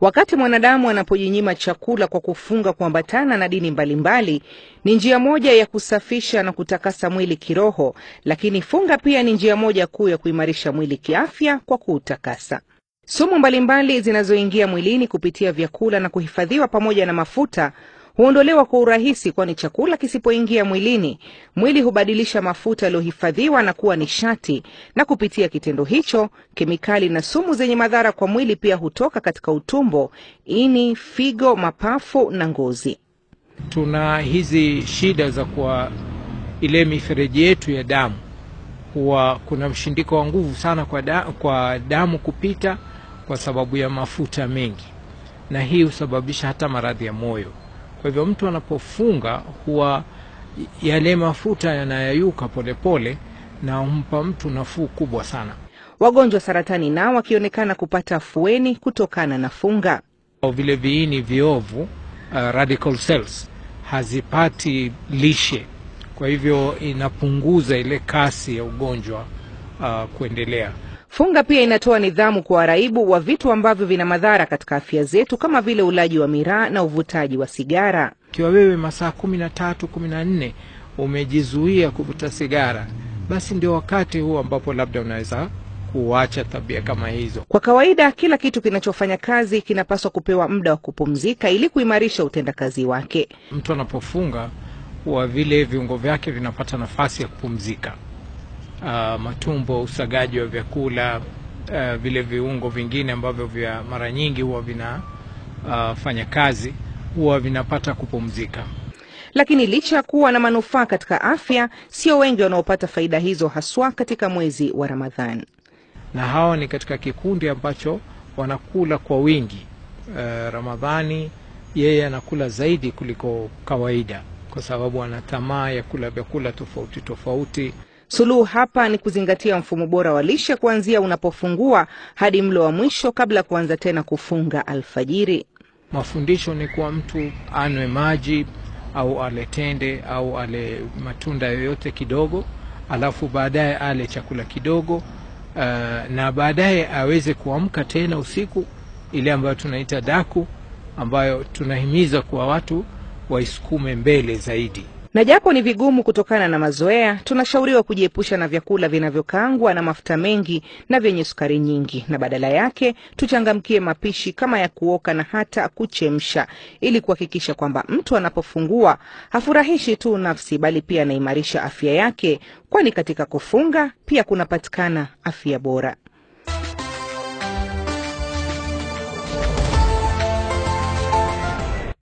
Wakati mwanadamu anapojinyima chakula kwa kufunga kuambatana na dini mbalimbali, ni njia moja ya kusafisha na kutakasa mwili kiroho, lakini funga pia ni njia moja kuu ya kuimarisha mwili kiafya kwa kuutakasa. Sumu mbalimbali zinazoingia mwilini kupitia vyakula na kuhifadhiwa pamoja na mafuta huondolewa kwa urahisi, kwani chakula kisipoingia mwilini, mwili hubadilisha mafuta yaliyohifadhiwa na kuwa nishati, na kupitia kitendo hicho, kemikali na sumu zenye madhara kwa mwili pia hutoka katika utumbo, ini, figo, mapafu na ngozi. Tuna hizi shida za kwa ile mifereji yetu ya damu huwa kuna mshindiko wa nguvu sana kwa, da, kwa damu kupita kwa sababu ya mafuta mengi, na hii husababisha hata maradhi ya moyo. Kwa hivyo mtu anapofunga huwa yale mafuta yanayayuka polepole na humpa mtu nafuu kubwa sana. Wagonjwa saratani nao wakionekana kupata fueni kutokana na funga. Vile viini viovu uh, radical cells hazipati lishe, kwa hivyo inapunguza ile kasi ya ugonjwa uh, kuendelea. Funga pia inatoa nidhamu kwa waraibu wa vitu ambavyo vina madhara katika afya zetu kama vile ulaji wa miraa na uvutaji wa sigara. Ikiwa wewe masaa kumi na tatu kumi na nne umejizuia kuvuta sigara, basi ndio wakati huu ambapo labda unaweza kuacha tabia kama hizo. Kwa kawaida, kila kitu kinachofanya kazi kinapaswa kupewa muda wa kupumzika ili kuimarisha utendakazi wake. Mtu anapofunga huwa vile viungo vyake vinapata nafasi ya kupumzika uh, matumbo, usagaji wa vyakula uh, vile viungo vingine ambavyo vya mara nyingi huwa vinafanya uh, kazi huwa vinapata kupumzika. Lakini licha ya kuwa na manufaa katika afya, sio wengi wanaopata faida hizo, haswa katika mwezi wa Ramadhani, na hawa ni katika kikundi ambacho wanakula kwa wingi. Uh, Ramadhani yeye anakula zaidi kuliko kawaida, kwa sababu ana tamaa ya kula vyakula tofauti tofauti. Suluhu hapa ni kuzingatia mfumo bora wa lishe kuanzia unapofungua hadi mlo wa mwisho kabla ya kuanza tena kufunga alfajiri. Mafundisho ni kuwa mtu anywe maji au ale tende au ale matunda yoyote kidogo, alafu baadaye ale chakula kidogo uh, na baadaye aweze kuamka tena usiku, ile ambayo tunaita daku, ambayo tunahimiza kuwa watu waisukume mbele zaidi na japo ni vigumu kutokana na mazoea, tunashauriwa kujiepusha na vyakula vinavyokangwa na mafuta mengi na vyenye sukari nyingi, na badala yake tuchangamkie mapishi kama ya kuoka na hata kuchemsha, ili kuhakikisha kwamba mtu anapofungua hafurahishi tu nafsi, bali pia anaimarisha afya yake, kwani katika kufunga pia kunapatikana afya bora.